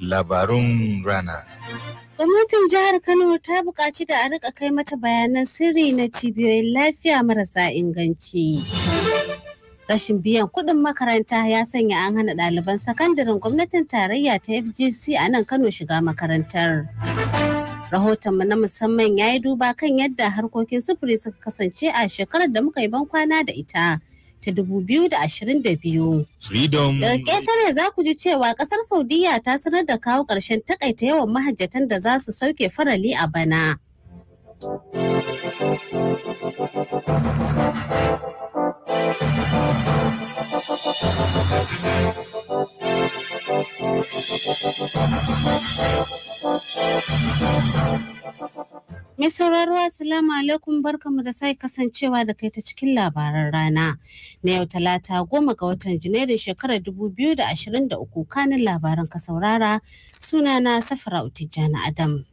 labarun rana. Gwamnatin jihar Kano ta buƙaci da a rika kai mata bayanan sirri na cibiyoyin lafiya marasa inganci. Rashin biyan kuɗin makaranta ya sanya an hana ɗaliban sakandaren gwamnatin tarayya ta FGC a nan Kano shiga makarantar. Rahotonmu na musamman ya yi duba kan yadda harkokin sufuri suka kasance a shekarar da muka yi ban kwana da ita. ta 2022. Freedom. Daga ƙetare za ku ji cewa ƙasar Saudiya ta sanar da kawo ƙarshen takaita yawan mahajjatan da za su sauke farali a bana. Mai sauraro Assalamu alaikum barkamu da sai kasancewa da kai ta cikin labaran rana na yau talata goma ga watan Janairun shekarar dubu biyu da da ashirin uku kanin labaran ka saurara sunana Safara Utijana Adam.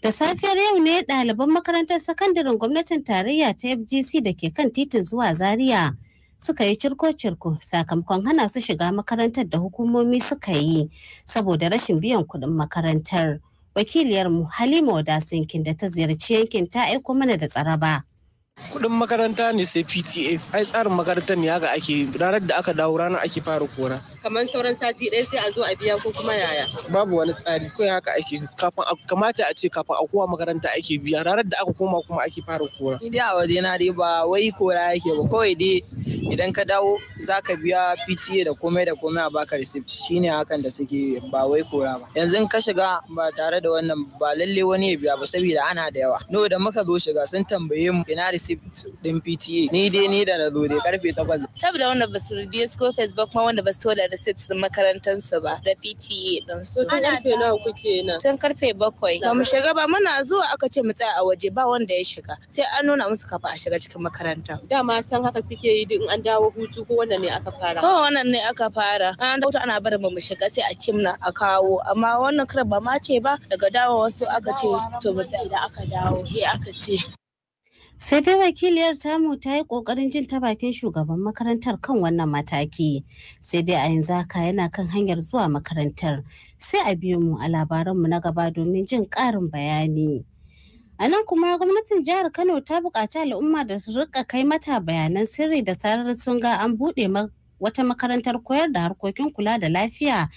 Da safiyar yau ne ɗaliban makarantar sakandaren gwamnatin tarayya ta FGC da ke kan titin zuwa Zariya suka yi cirko-cirko sakamakon hana su shiga makarantar da hukumomi suka yi saboda rashin biyan kuɗin makarantar. wakiliyarmu Halima Wadasinkin da ta ziyarci yankin ta aiko mana da tsaraba. Kudin makaranta ne sai PTA ai tsarin makarantar ne haka ake ranar da aka dawo ranar ake fara kora kamar sauran sati ɗaya sai a zo a biya ko kuma yaya babu wani tsari ko haka ake kafin kamata a ce kafin a kowa makaranta ake biya ranar da aka koma kuma ake fara kora ni dai a waje na dai ba wai kora yake ba kawai dai idan ka dawo zaka biya PTA da komai da komai a baka receipt shine hakan da suke ba wai kora ba yanzu in ka shiga ba tare da wannan ba lalle wani ya biya ba saboda ana da yawa no da muka zo shiga sun tambaye mu ina receipt din PTA ni dai ni da na zo dai karfe 8 saboda wanda ba su biye su ko Facebook kuma wanda ba su tola receipt din makarantar su ba da PTA din su karfe nawa kuke na? tun karfe 7 ba mu shiga ba muna zuwa aka ce mu tsaya a waje ba wanda ya shiga sai an nuna musu kafa a shiga cikin makaranta dama can haka suke yi duk an dawo hutu ko wannan ne aka fara ko wannan ne aka fara an dawo ana barin mu shiga sai a ce muna a kawo amma wannan karan ba ma ce ba daga dawo wasu aka ce to mu tsaya da aka dawo eh aka ce Sai dai wakiliyar tamu ta yi ƙoƙarin jin ta bakin shugaban makarantar kan wannan mataki. Sai dai a yanzu haka yana kan hanyar zuwa makarantar. Sai a biyo mu a labaranmu na gaba domin jin ƙarin bayani. A nan kuma gwamnatin jihar Kano ta buƙaci al'umma da su rika kai mata bayanan sirri da sarar sun ga an buɗe wata makarantar koyar da harkokin kula da lafiya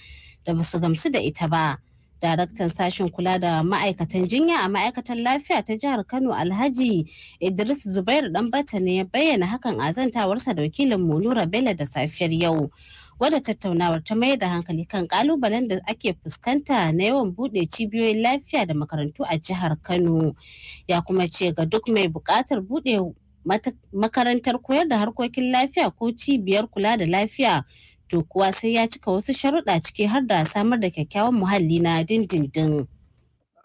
da ba su gamsu da ita ba. daraktan sashen kula da ma'aikatan jinya a ma'aikatan lafiya ta jihar kano alhaji idris zubair danbata ne ya bayyana hakan a zantawarsa da wakilin munura bello da safiyar yau wadda tattaunawar ta mayar da hankali kan kalubalen da ake fuskanta na yawan buɗe cibiyoyin lafiya da makarantu a jihar kano ya kuma ce ga duk mai buƙatar buɗe makarantar koyar da harkokin lafiya ko cibiyar kula da lafiya to kuwa sai ya cika wasu sharuɗa ciki har da samar da kyakkyawan muhalli na dindindin.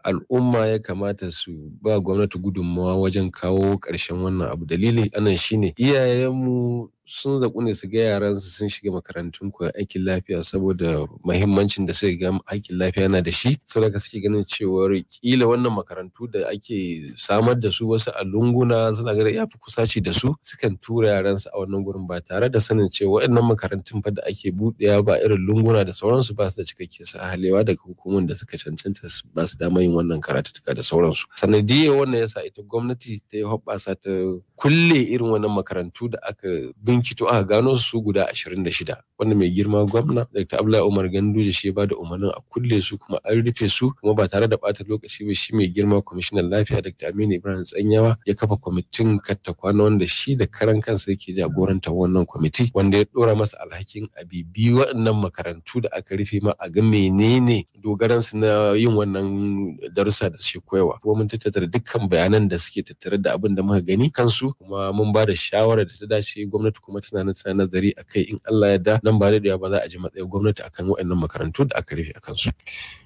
Al'umma ya kamata su ba gwamnati gudunmawa wajen kawo ƙarshen wannan abu dalili anan shine iyayenmu sun zaku ne su ga yaransu sun shiga makarantun koyon aikin lafiya saboda mahimmancin da suka ga aikin lafiya yana da shi da suke ganin cewar kila wannan makarantu da ake samar da su wasu a lunguna suna ga ya fi kusaci da su sukan tura yaransu a wannan gurin ba tare da sanin cewa waɗannan makarantun fa da ake buɗewa ba irin lunguna da sauransu ba su da cikakke Halewa daga hukumar da suka cancanta ba su dama yin wannan karatu da sauransu sanadiyar wannan yasa ita gwamnati ta yi hoɓɓasa ta kulle irin wannan makarantu da aka binkito aka gano su guda 26 wanda mai girma gwamna Dr. Abdullahi Umar da shi ba da umarnin a kulle su kuma an rufe su kuma ba tare da bata lokaci ba shi mai girma kwamishinan lafiya Dr. Aminu Ibrahim Tsanyawa ya kafa kwamitin katta wanda shi da karan kansa yake jagorantar wannan kwamiti wanda ya dora masa alhakin a bibi waɗannan makarantu da aka rufe ma a ga menene dogaran su na yin wannan darussa da suke koyawa kuma mun tattara dukkan bayanan da suke tattare da abin da muka gani kansu su kuma mun ba da shawarar da ta dace gwamnati kuma tana nan tana nazari akai in Allah ya da nan ba da ba za a ji matsayin gwamnati akan waɗannan makarantu da aka rufe akan su.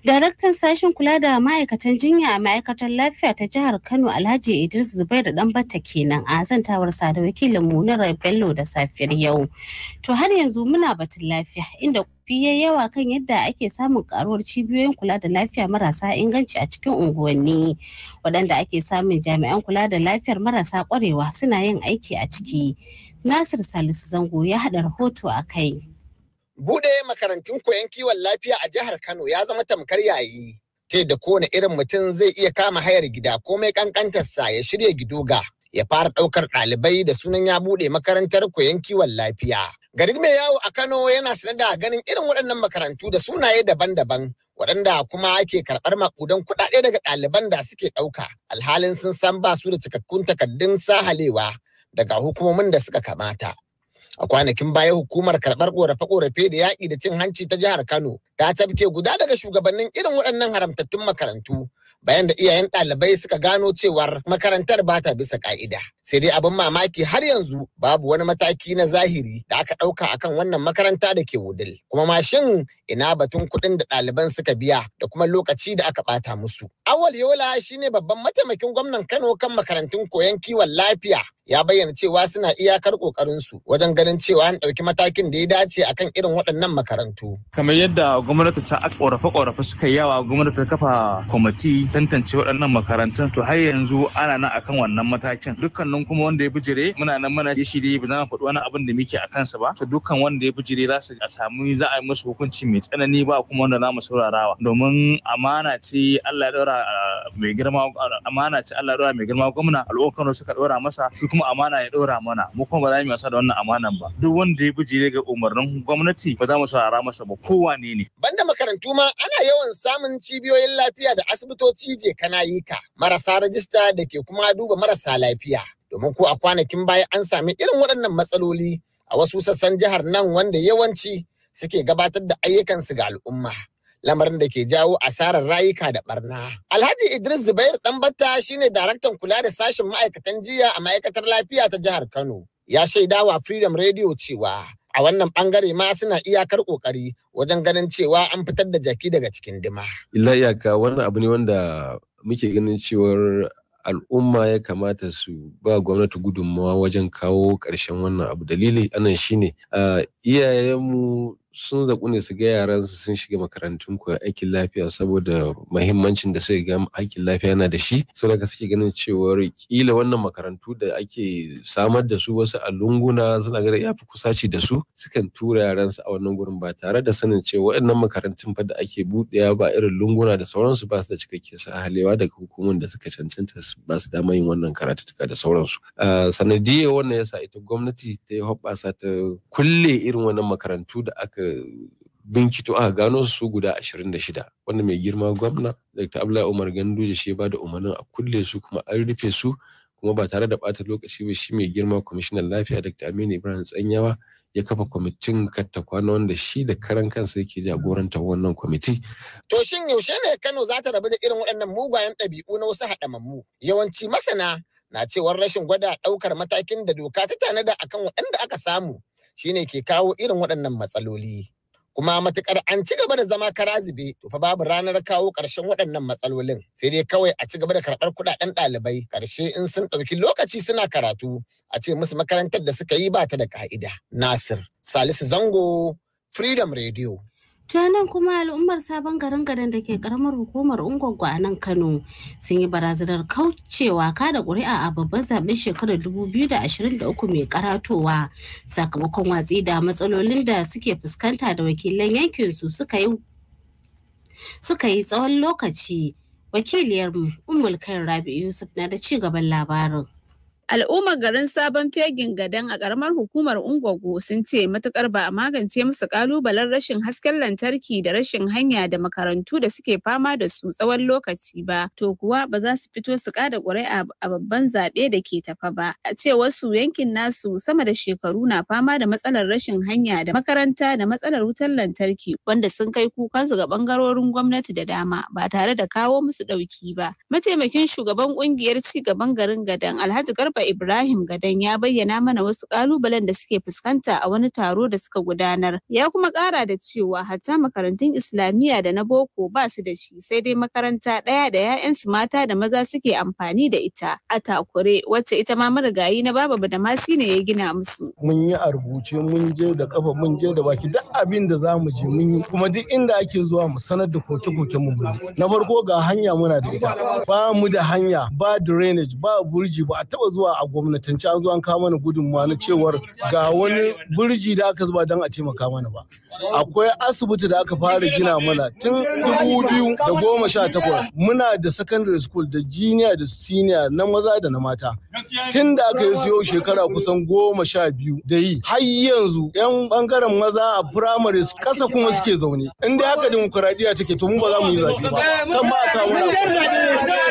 Daraktan sashen kula da ma'aikatan jinya a ma'aikatar lafiya ta jihar Kano Alhaji Idris Zubair da Dambata kenan a zantawar sa da wakilin mu na Bello da safiyar yau. To har yanzu muna batun lafiya inda korafi ya yawa kan yadda ake samun karuwar cibiyoyin kula da lafiya marasa inganci a cikin unguwanni waɗanda ake samun jami'an kula da lafiyar marasa kwarewa suna yin aiki a ciki nasir salisu zango ya haɗa rahoto a kai bude makarantun koyon kiwon lafiya a jihar kano ya zama tamkar yayi ta da kowane irin mutum zai iya kama hayar gida komai kankantarsa ya shirya gidoga ya fara ɗaukar ɗalibai da sunan ya buɗe makarantar koyon kiwon lafiya Garin mai yawo a Kano yana sanar da ganin irin waɗannan makarantu da sunaye daban-daban waɗanda kuma ake karɓar maƙudan kuɗaɗe daga ɗaliban da suke ɗauka alhalin sun san ba su da cikakkun takardun sahalewa daga hukumomin da suka kamata. A kwanakin baya hukumar karɓar ƙorafe-ƙorafe da yaƙi da cin hanci ta jihar Kano ta tafke guda daga shugabannin irin waɗannan haramtattun makarantu bayan da iyayen ɗalibai suka gano cewar makarantar ba ta bisa ka'ida. Sai dai abin mamaki har yanzu babu wani mataki na zahiri da aka ɗauka akan wannan makaranta da ke wudil. Kuma mashin ina batun kuɗin da ɗaliban suka biya da kuma lokaci da aka ɓata musu. Awal Yola shine babban mataimakin gwamnan Kano kan makarantun koyon kiwon lafiya ya bayyana cewa suna iyakar ƙoƙarinsu wajen ganin cewa an ɗauki matakin da ya dace akan irin waɗannan makarantu. Kamar yadda gwamnati ta ƙorafe-ƙorafe suka yi yawa gwamnati ta kafa kwamiti tantance waɗannan makarantun to har yanzu ana nan akan wannan matakin. Dukkanin kuma wanda ya bijire muna nan mana ya shirye ba za mu faɗi wani abin da muke a kansa ba. To dukkan wanda ya bijire za su samu za a yi musu hukunci mai tsanani ba kuma wanda za mu saurarawa. Domin amana ce Allah ya ɗora mai girma amana ce Allah ya ɗora mai girma gwamna al'ummar suka ɗora masa su kuma mu amana ya ɗora mana mu kuma ba za mu wasa da wannan amanan ba duk wanda ya bijire ga umarnin gwamnati ba za mu saurara masa ba kowa ne. Banda makarantu ma ana yawan samun cibiyoyin lafiya da asibitoci je kana yi ka marasa rajista da ke kuma duba marasa lafiya. Domin ko a kwanakin baya an sami irin waɗannan matsaloli a wasu sassan jihar nan wanda yawanci suke gabatar da ayyukansu ga al'umma. lamarin da ke jawo asarar rayuka da barna. Alhaji Idris Zubair Ɗanbata shine daraktan kula da sashen ma'aikatan jiya a ma'aikatar lafiya ta jihar Kano. Ya shaida wa Freedom Radio cewa a wannan bangare ma suna iyakar kokari wajen ganin cewa an fitar da jaki daga cikin dima. Illa iyaka wannan abu ne wanda muke ganin cewar al'umma ya kamata su ba gwamnati gudunmawa wajen kawo ƙarshen wannan abu dalili anan shine ah, iyayenmu sun zaku ne su ga yaran su sun shiga makarantun koyon aikin lafiya saboda mahimmancin da suka ga aikin lafiya yana da shi da suke ganin cewar kila wannan makarantu da ake samar da su wasu a lunguna suna ga yafi fi kusaci da su sukan tura yaran a wannan gurin ba tare da sanin cewa waɗannan makarantun fa da ake buɗewa ba irin lunguna da sauransu ba su da cikakken sahalewa daga hukumar da suka cancanta ba su dama yin wannan karatuttuka da sauransu sanadiyar wannan yasa ita gwamnati ta yi hoɓɓasa ta kulle irin wannan makarantu da aka binkito aka gano su guda 26 wanda mai girma gwamna dr abdullahi umar da shi ba da umarnin a kulle su kuma an rufe su kuma ba tare da bata lokaci ba shi mai girma kwamishinan lafiya dr aminu ibrahim tsanyawa ya kafa kwamitin kattakwana wanda shi da karan kansa yake jagorantar wannan kwamiti. To shin yaushe ne Kano za ta rabu da irin waɗannan mugayen ɗabi'u na wasu haɗamammu? Yawanci masana na cewar rashin gwada ɗaukar matakin da doka ta tanada akan waɗanda aka samu shine ke kawo irin waɗannan matsaloli. kuma matukar an ci gaba da zama karazibe to fa babu ranar kawo ƙarshen waɗannan matsalolin sai dai kawai a ci gaba da karɓar kuɗaɗen ɗalibai ƙarshe in sun ɗauki lokaci suna karatu a ce musu makarantar da suka yi ba ta da ƙa'ida nasir salisu zango freedom radio ta nan kuma al'ummar sabon garin garin da ke karamar hukumar Ungwaggwa a nan kano sun yi barazanar kaucewa kada ƙuri'a a babban zaben shekarar 2023 mai karatowa sakamakon watsi da matsalolin da suke fuskanta da wakilan yankinsu suka yi tsawon lokaci wakiliyarmu umul rabi yusuf na da ci gaban labarin Al'ummar garin Sabon Fegin Gadan a ƙaramar hukumar Ungwago sun ce matukar ba a magance musu ƙalubalen rashin hasken lantarki da rashin hanya da makarantu da suke fama da su tsawon lokaci ba, to kuwa ba za su fito su kada ƙuri'a a babban zaɓe da ke tafa ba. A ce wasu yankin nasu sama da shekaru na fama da matsalar rashin hanya da makaranta da matsalar wutar lantarki wanda sun kai kukan su ga ɓangarorin gwamnati da dama ba tare da kawo musu ɗauki ba. Mataimakin shugaban ƙungiyar ci gaban garin Gadan Alhaji Garba Abba Ibrahim Gadan ya bayyana mana wasu ƙalubalen da suke fuskanta a wani taro da suka gudanar. Ya kuma ƙara da cewa hatta makarantun Islamiyya da na boko ba su da shi sai dai makaranta ɗaya da 'ya'yansu mata da maza suke amfani da ita a takure wacce ita ma marigayi na baba Badamasi ne ya gina musu. Mun yi a rubuce mun je da kafa mun je da baki duk abin da za mu je mun yi kuma duk inda ake zuwa mu sanar da koke-koke mu na farko ga hanya muna da ita ba mu da hanya ba drainage ba burji ba a taba zuwa zuwa a gwamnatance an zo an kawo mana gudunmawa na cewar ga wani burji da aka zuba don a taimaka mana ba akwai asibiti da aka fara gina mana tun biyu da sha takwas muna da secondary school da jiniya da siniya na maza da na mata tun da aka yi siyo shekara kusan goma sha biyu da yi har yanzu yan bangaren maza a primary kasa kuma suke zaune in dai haka dimokuraɗiyya take to mu ba za mu yi zaɓe ba kan ba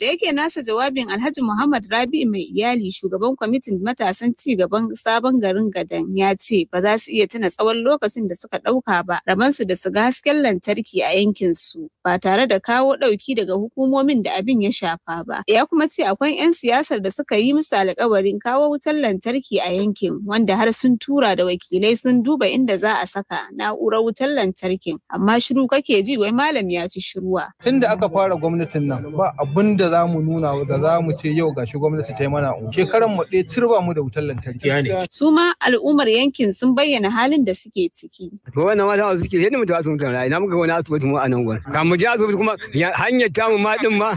Da yake nasa jawabin Alhaji Muhammad Rabi mai iyali shugaban kwamitin matasan ci gaban sabon garin Gadan ya ce ba za su iya tuna tsawon lokacin da suka ɗauka ba su da su ga hasken lantarki a yankin su ba tare da kawo ɗauki daga hukumomin da abin ya shafa ba. Ya kuma ce akwai 'yan siyasar da suka yi musu alkawarin kawo wutar lantarki a yankin wanda har sun tura da wakilai sun duba inda za a saka na'urar wutar lantarkin amma shiru kake ji wai malam ya ci shiruwa. Tunda aka fara gwamnatin nan ba abin da za mu nuna da za mu ce yau gashi gwamnati ta yi mana un shekaran mu ɗaya turba mu da wutar lantarki ne su ma al'ummar yankin sun bayyana halin da suke ciki to wannan mata wasu suke yadda mutum asibiti na ina muka wani asibiti mu a nan gwan ka mu je asibiti kuma hanyar tamu ma din ma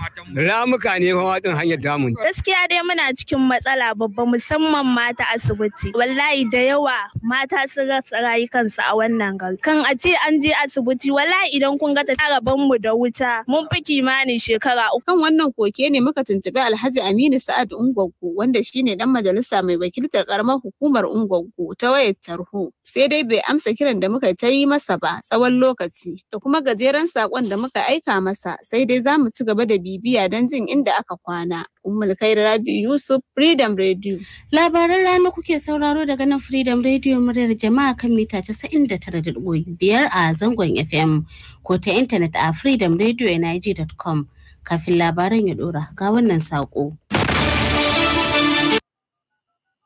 ramuka ne kuma din hanyar tamu gaskiya dai muna cikin matsala babba musamman mata asibiti wallahi da yawa mata sun rasa rayukansu a wannan gari kan a ce an je asibiti wallahi idan kun ga ta mu da wuta mun fi kimanin shekara uku kan wannan koke ne muka tuntubi Alhaji Aminu Sa'ad Ungwaggo wanda shine dan majalisa mai wakiltar karamar hukumar Ungwaggo ta wayar tarho. Sai dai bai amsa kiran da muka ta yi masa ba tsawon lokaci da kuma gajeren sakon da muka aika masa sai dai za mu ci gaba da bibiya don jin inda aka kwana. Ummul Khair Rabi Yusuf Freedom Radio. Labaran rana kuke sauraro daga nan Freedom Radio muryar jama'a kan mita 99.5 a zangon FM ko ta intanet a freedomradio.com. kafin labaran ya dora ga wannan saƙo.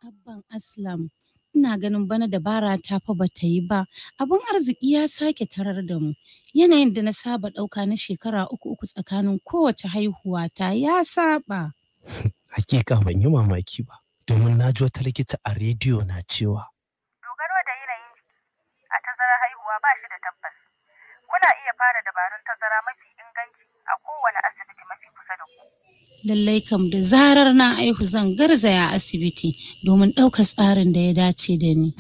Abban Aslam ina ganin bana dabara ta fa ba ta yi ba abin arziki ya sake tarar da mu yanayin da na saba ɗauka na shekara uku uku tsakanin kowace haihuwa ta ya saba. Hakika ban yi mamaki ba domin na ji wata likita a rediyo na cewa. Dogaro da yanayin a tazara haihuwa ba shi da tabbas. Kuna iya fara dabarun tazara mafi inganci a kowane lallai kam da zarar na aihu zan garzaya asibiti domin ɗaukar tsarin da ya dace da ni.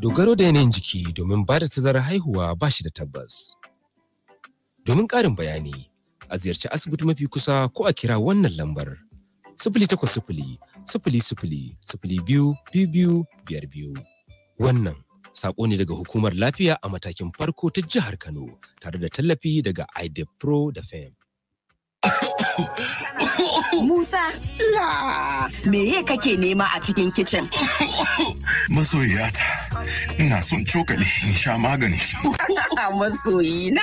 Dogaro da yanayin jiki domin ba da tazarar haihuwa ba shi da tabbas. Domin ƙarin bayani, a ziyarci asibiti mafi kusa ko a kira wannan lambar. Sifili takwas sifili, sifili sifili, sifili biyu, biyu biyu, biyar biyu. Wannan saƙo ne daga hukumar lafiya a matakin farko ta jihar Kano tare da tallafi daga IDEPRO da FEM. Musa! Me Me kake nema a cikin kicin? Masoyiyata. ina son cokali in sha magani masoyi na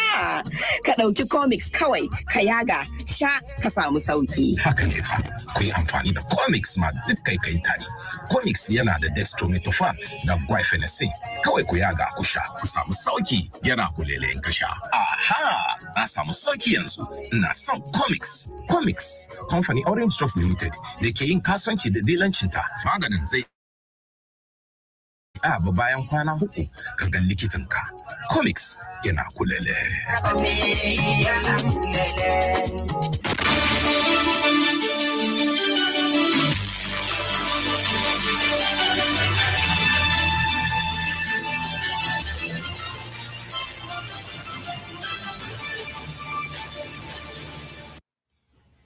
ka ɗauki comics kawai ka yaga sha ka samu sauki haka ne fa ku yi amfani da comics ma duk kai kai tari comics yana da dextromethorphan da guaifenesin kawai ku yaga ku sha ku samu sauki yana ku lele in ka sha aha na samu sauki yanzu ina son comics comics company orange drugs limited da ke yin kasuwanci da dilancinta maganin zai abu bayan kwana uku ka ga likitinka, comics yana kulele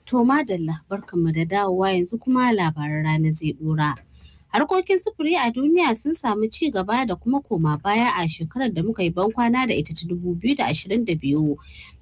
To madalla barkanmu da dawowa yanzu kuma labaran rana zai dora. Harkokin sufuri a duniya sun samu ci gaba da kuma koma baya a shekarar da muka yi bankwana da ita ta 2022 da ashirin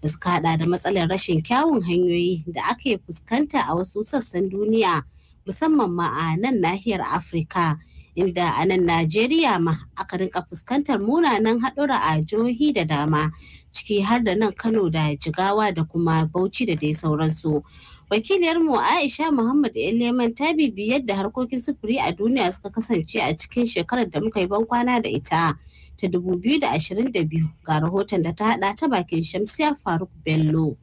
suka hada da matsalar rashin kyawun hanyoyi da ake fuskanta a wasu sassan duniya musamman ma a nan nahiyar Afirka. Inda a nan Najeriya ma aka rinka fuskantar munanan haɗura a jihohi da dama ciki har da nan Kano da Jigawa da kuma Bauchi da dai sauransu. wakiliyar mu aisha muhammad leman ta bibi yadda harkokin sufuri a duniya suka kasance a cikin shekarar da muka yi bankwana da ita ta 2022 ga rahoton da ta hada ta bakin shamsiya faruk bello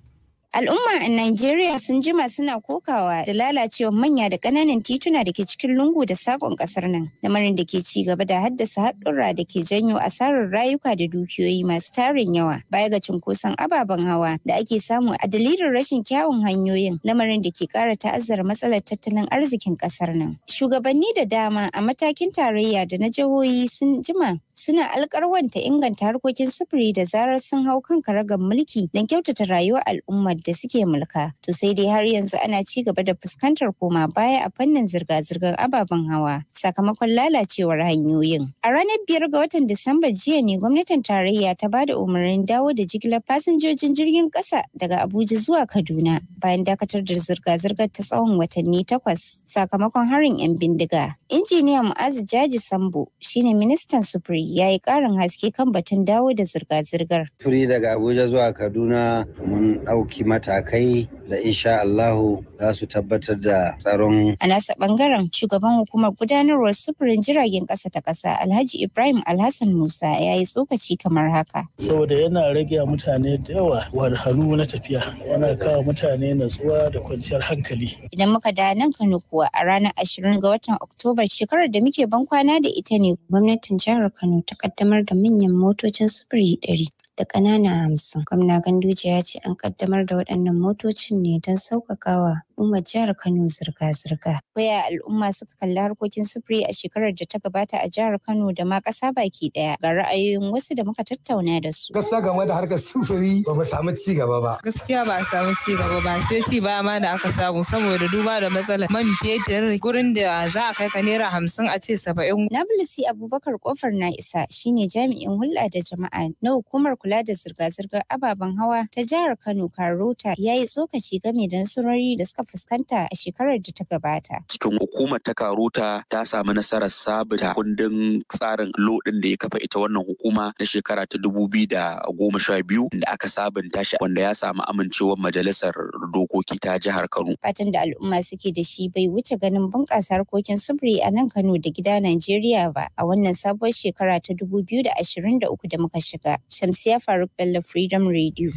Al'umma a Najeriya sun jima suna kokawa da lalacewar manya da ƙananan tituna da ke cikin lungu da sakon ƙasar nan, lamarin da ke ci gaba da haddasa haɗurra da ke janyo asarar rayuka da dukiyoyi masu tarin yawa, baya ga cunkoson ababen hawa da ake samu a dalilin rashin kyawun hanyoyin, lamarin da ke ƙara ta'azzara matsalar tattalin arzikin ƙasar nan. Shugabanni da dama a matakin tarayya da na jihohi sun jima suna alkarwanta inganta harkokin sufuri da zarar sun hau kan karagar mulki don kyautata rayuwar al'ummar da suke mulka. To sai dai har yanzu ana ci gaba da fuskantar koma baya a fannin zirga-zirgar ababen hawa sakamakon lalacewar hanyoyin. A ranar biyar ga watan Disamba jiya ne gwamnatin tarayya ta ba da umarnin dawo da jigilar fasinjojin jirgin ƙasa daga Abuja zuwa Kaduna bayan dakatar da zirga-zirgar ta tsawon watanni takwas sakamakon harin 'yan bindiga. Injiniya Mu'azu Jaji Sambo shine ministan sufuri ya yi ƙarin haske kan batun dawo da zirga-zirgar. Furi daga Abuja zuwa Kaduna mun ɗauki matakai da insha Allahu za su tabbatar da tsaron. A nasa bangaren shugaban hukumar gudanarwar sufurin jiragen ƙasa ta ƙasa Alhaji Ibrahim Alhassan Musa ya yi tsokaci kamar haka. Saboda yana rage mutane da yawa wahalhalu na tafiya yana kawo mutane natsuwa da kwanciyar hankali. Idan muka da nan Kano kuwa a ranar ashirin ga watan Oktoba shekarar da muke bankwana da ita ne gwamnatin jihar Kano ta kaddamar da manyan motocin sufuri ɗari da ƙanana hamsin. Gwamna Ganduje ya ce an ƙaddamar da waɗannan motocin ne don sauƙaƙawa al'ummar jihar Kano zirga-zirga. Koya al'umma suka kalli harkokin sufuri a shekarar da ta gabata a jihar Kano da ma ƙasa baki ɗaya ga ra'ayoyin wasu da muka tattauna da su. Gaskiya game da harkar sufuri ba mu samu ci gaba ba. Gaskiya ba a samu ci gaba ba sai ci ba ma da aka samu saboda duba da matsalar man fetur gurin da za a kai ka naira hamsin a ce saba'in. Nabilisi Abubakar Kofar na isa shine jami'in hulɗa da jama'a na hukumar kula da zirga-zirgar ababen hawa ta jihar Kano Karota ya yi tsokaci game da nasarori da suka fuskanta a shekarar da ta gabata. Cikin hukumar ta Karuta ta samu nasarar sabita kundin tsarin lodin da ya kafa ita wannan hukuma na shekara ta dubu biyu da goma sha biyu da aka sabunta shi wanda ya samu amincewar majalisar dokoki ta jihar Kano. Fatan da al'umma suke da shi bai wuce ganin bunƙasa harkokin sufuri a nan Kano da gida Najeriya ba a wannan sabuwar shekara ta dubu biyu da ashirin da uku da muka shiga. Shamsiya Faruk Bello Freedom Radio.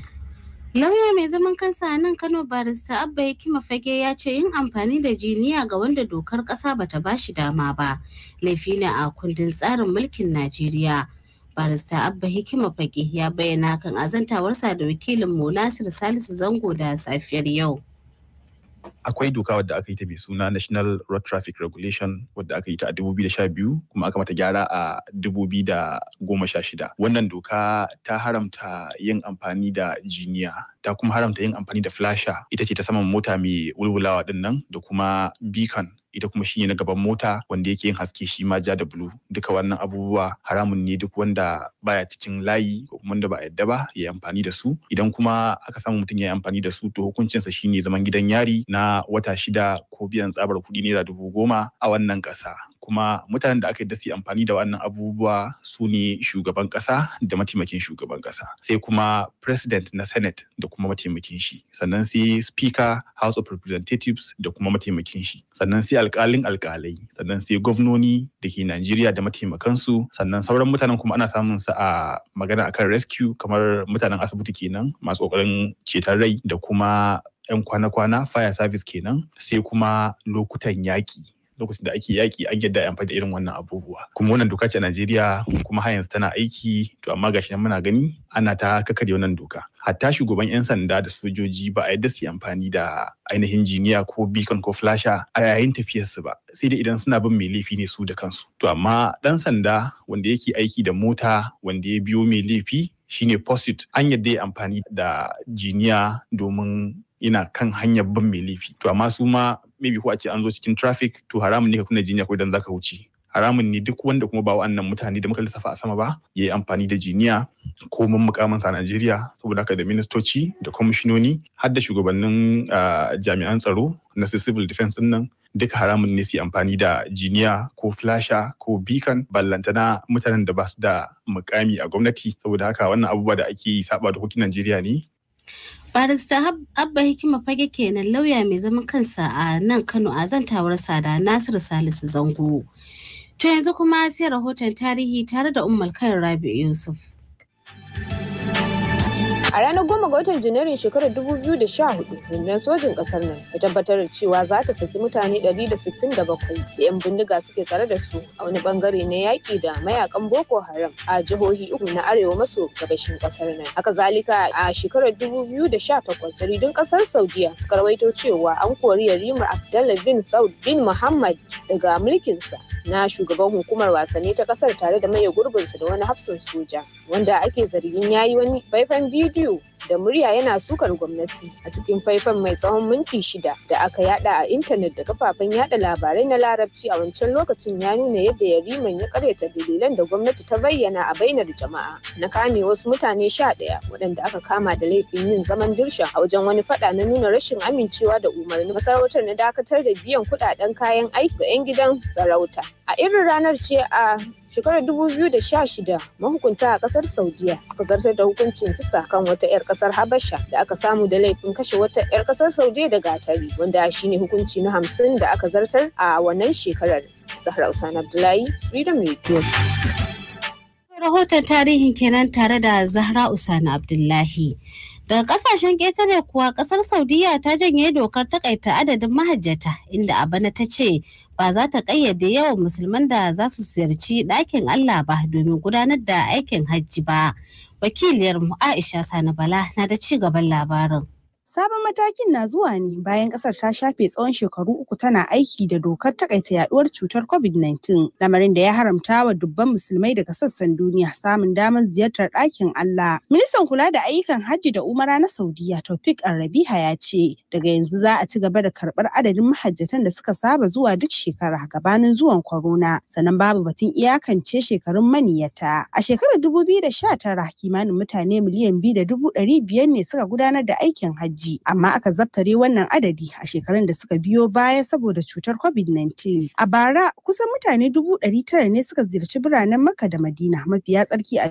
Lauya mai zaman kansa a nan Kano barista Abba Hikima Fage ya ce yin amfani da jiniya ga wanda dokar ƙasa bata ba shi dama ba laifi ne a kundin tsarin mulkin Najeriya. Barista Abba Hikima Fage ya bayyana kan azantawarsa da wakilin mu Nasir Salisu Zango da safiyar yau. akwai doka wadda aka yi ta mai suna National Road Traffic Regulation wadda aka yi ta a 2012 kuma aka mata gyara a 2016. Wannan doka ta haramta yin amfani da jiniya ta kuma haramta yin amfani da flasha ita ce ta saman mota mai wulwulawa din da kuma beacon ita kuma shine na gaban mota wanda yake yin haske shi ma ja da bulu duka wannan abubuwa haramun ne duk wanda baya cikin layi ko kuma wanda ba a yadda ba ya amfani da su idan kuma aka samu mutum ya yi amfani da su to hukuncinsa ne zaman gidan yari na wata shida ko biyan tsabar kuɗi naira dubu goma a wannan ƙasa kuma mutanen da aka yi da su amfani da wannan abubuwa su ne shugaban kasa da mataimakin shugaban kasa sai kuma president na senate da kuma mataimakin shi sannan sai speaker house of representatives da kuma mataimakin shi sannan sai alkalin alkalai sannan sai gwamnoni da ke najeriya da mataimakansu sannan sauran mutanen kuma ana samun su a magana akan rescue kamar mutanen asibiti kenan masu kokarin ceton rai da kuma 'yan kwana-kwana fire service kenan sai kuma lokutan yaƙi lokacin da ake yaki an yadda a amfani da irin wannan abubuwa kuma wannan doka ce a Najeriya kuma har yanzu tana aiki to amma gashi nan muna gani ana ta kakkarya wannan doka hatta shugaban yan sanda da sojoji ba a yadda su amfani da ainihin jiniya ko beacon ko flasha a yayin tafiyarsu ba sai dai idan suna bin mai laifi ne su da kansu to amma dan sanda wanda yake aiki da mota wanda ya biyo mai laifi shine posit an yadda ya amfani da jiniya domin ina kan hanyar ban mai laifi to amma su ma maybe ko a ce an zo cikin traffic to haramun ne ka kunna jiniya ko idan zaka wuce haramun ne duk wanda kuma ba wa'annan mutane da muka lissafa a sama ba ya yi amfani da jiniya ko mukamin sa Najeriya saboda haka da ministoci da kwamishinoni har da shugabannin jami'an tsaro na civil defense din nan duka haramun ne su yi amfani da jiniya ko flasha ko beacon ballantana mutanen da ba su da mukami a gwamnati saboda haka wannan abubuwa da ake saba da hukumar Najeriya ne barista abba hikima fage kenan lauya mai zaman kansa a nan kano a zantawar sada nasiru salisu zango to yanzu kuma sai rahoton tarihi tare da ummul kan rabi'u yusuf A ranar goma ga watan Janairun shekarar 2014, rundunar sojin kasar nan ta tabbatar da cewa za ta saki mutane 167 da 'yan bindiga suke tsare da su a wani bangare na yaƙi da mayakan Boko Haram a jihohi uku na arewa maso gabashin kasar nan. Haka zalika a shekarar 2018 jaridun kasar Saudiya suka rawaito cewa an kori Yarimar Abdullah bin Saud bin Muhammad daga mulkinsa na shugaban hukumar wasanni ta kasar tare da maye gurbinsa da wani hafsin soja. wanda ake zargin ya yi wani faifan bidiyo da murya yana sukar gwamnati a cikin faifan mai tsawon minti shida da aka yada a intanet da kafafen yada labarai na larabci a wancan lokacin ya nuna yadda yariman ya karyata dalilan da gwamnati ta bayyana a bainar jama'a na kame wasu mutane sha ɗaya waɗanda aka kama da laifin yin zaman dirshan a wajen wani faɗa na nuna rashin amincewa da umarni, masarautar na dakatar da biyan kuɗaɗen kayan aiki ga 'yan gidan sarauta a irin ranar ce a shekarar 2016 mahukunta a ƙasar saudiya suka zartar da hukuncin kisa kan wata 'yar kasar Habasha da aka samu da laifin kashe wata 'yar kasar Saudiya da gatari wanda shine hukunci na hamsin da aka zartar a wannan shekarar. Zahra Usman Abdullahi, Freedom Radio. Rahoton tarihin kenan tare da Zahra Usman Abdullahi. Daga kasashen ƙetare kuwa ƙasar Saudiyya ta janye dokar takaita adadin mahajjata inda bana ta ce ba za ta ƙayyade yawan musulman da za su ziyarci ɗakin Allah ba domin gudanar da aikin hajji ba. wakiliyarmu Aisha Sani Bala na da ci gaban labarin. Sabon matakin na zuwa ne bayan kasar ta shafe tsawon shekaru uku tana aiki da dokar takaita yaduwar cutar COVID-19, lamarin da ya haramta wa dubban musulmai daga sassan duniya samun damar ziyartar ɗakin Allah. Ministan kula da ayyukan hajji da umara na Saudiya Taufik Rabiha ya ce, daga yanzu za a ci gaba da karɓar adadin mahajjatan da suka saba zuwa duk shekara gabanin zuwan korona, sannan babu batun iyakance shekarun maniyata. A shekarar 2019 kimanin mutane miliyan biyu da dubu ɗari biyar ne suka gudanar da aikin hajji. daji amma aka zabtare wannan adadi a shekarun da suka biyo baya saboda cutar covid-19 a bara kusan mutane dubu ɗari tara ne suka ziyarci biranen makka da madina mafiya tsarki a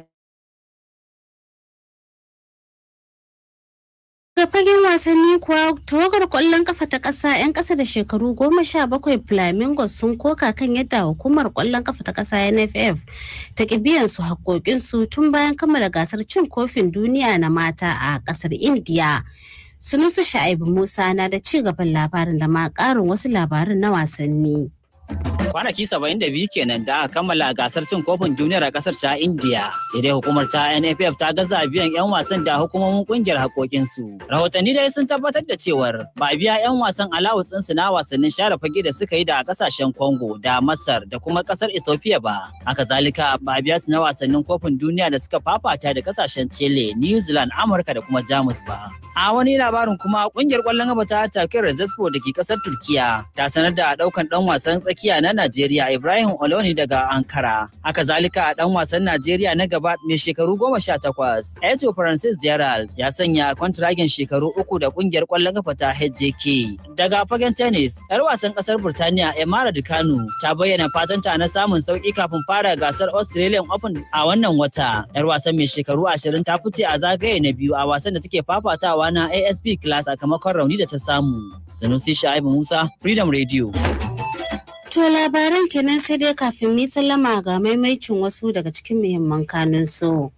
ga fagen wasanni kuwa tawagar kwallon kafa ta kasa 'yan kasa da shekaru goma sha bakwai flamingo sun koka kan yadda hukumar kwallon kafa ta kasa nff ta biyan su su tun bayan kammala gasar cin kofin duniya na mata a ƙasar indiya Sunusu Sha'ibu Musa na da ci gaban labarin da ma ƙarin wasu labarin na wasanni. kwanaki 72 kenan da aka kammala gasar cin kofin duniya a kasar ta India sai dai hukumar ta NFF ta gaza biyan 'yan wasan da hukumomin kungiyar su Rahotanni dai sun tabbatar da cewar ba biya 'yan wasan alawus su na wasannin share fage da suka yi da kasashen Congo da Masar da kuma kasar Ethiopia ba. Haka zalika ba biya su na wasannin kofin duniya da suka fafata da kasashen Chile, New Zealand, Amurka da kuma Jamus ba. A wani labarin kuma kungiyar kwallon gaba ta Takir Rizespo da ke kasar Turkiya ta sanar da daukan dan wasan tsaki tsakiya na Najeriya Ibrahim Oloni daga Ankara. Haka zalika a ɗan wasan Najeriya na gaba mai shekaru goma sha takwas. Eto Francis Gerald ya sanya kwantiragin shekaru uku da ƙungiyar ƙwallon kafa ta HJK. Daga fagen tennis, 'yar wasan ƙasar Burtaniya Emara Dukanu ta bayyana fatanta na samun sauƙi kafin fara gasar Australian Open a wannan wata. 'Yar wasan mai shekaru ashirin ta fice a zagaye na biyu a wasan da take fafatawa na ASB class a kamakon rauni da ta samu. Sanusi Sha'ibu Musa, Freedom Radio. To labaran kenan sai dai kafin ni sallama ga maimaicin wasu daga cikin muhimman kanun so.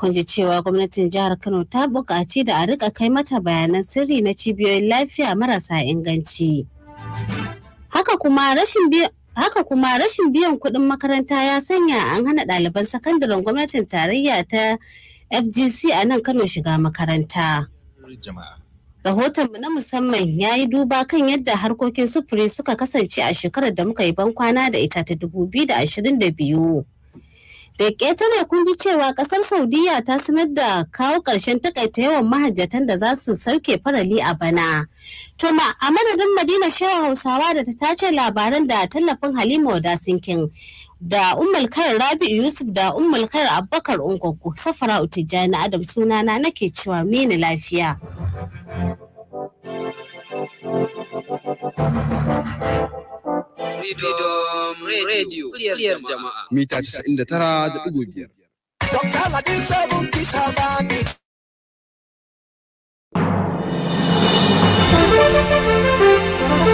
Kun ji cewa gwamnatin jihar Kano ta buƙaci da a rika kai mata bayanan sirri na cibiyoyin lafiya marasa inganci. Haka kuma rashin biyan Haka kuma rashin biyan kuɗin makaranta ya sanya an hana ɗaliban sakandaren gwamnatin tarayya ta FGC a nan Kano shiga makaranta. mu na musamman ya yi duba kan yadda harkokin sufuri suka kasance a shekarar da muka yi bankwana da ita ta dubu 2022. Da ashirin da biyu. ƙetare kun ji cewa ƙasar Saudiyya ta sanar da kawo ƙarshen takaita yawan mahajjatan da za su sauke farali a bana. Toma a madadin Madina Shehu Hausawa da ta tace labaran da tallafin Halima Wadasinkin. da Ummul Kar Rabi Yusuf da Ummul Kar Abubakar Ungwaggo Safara tijjani Adam sunana nake cewa mini lafiya. Freedom Radio, jama'a. Mita 99.5. Dr. Kisa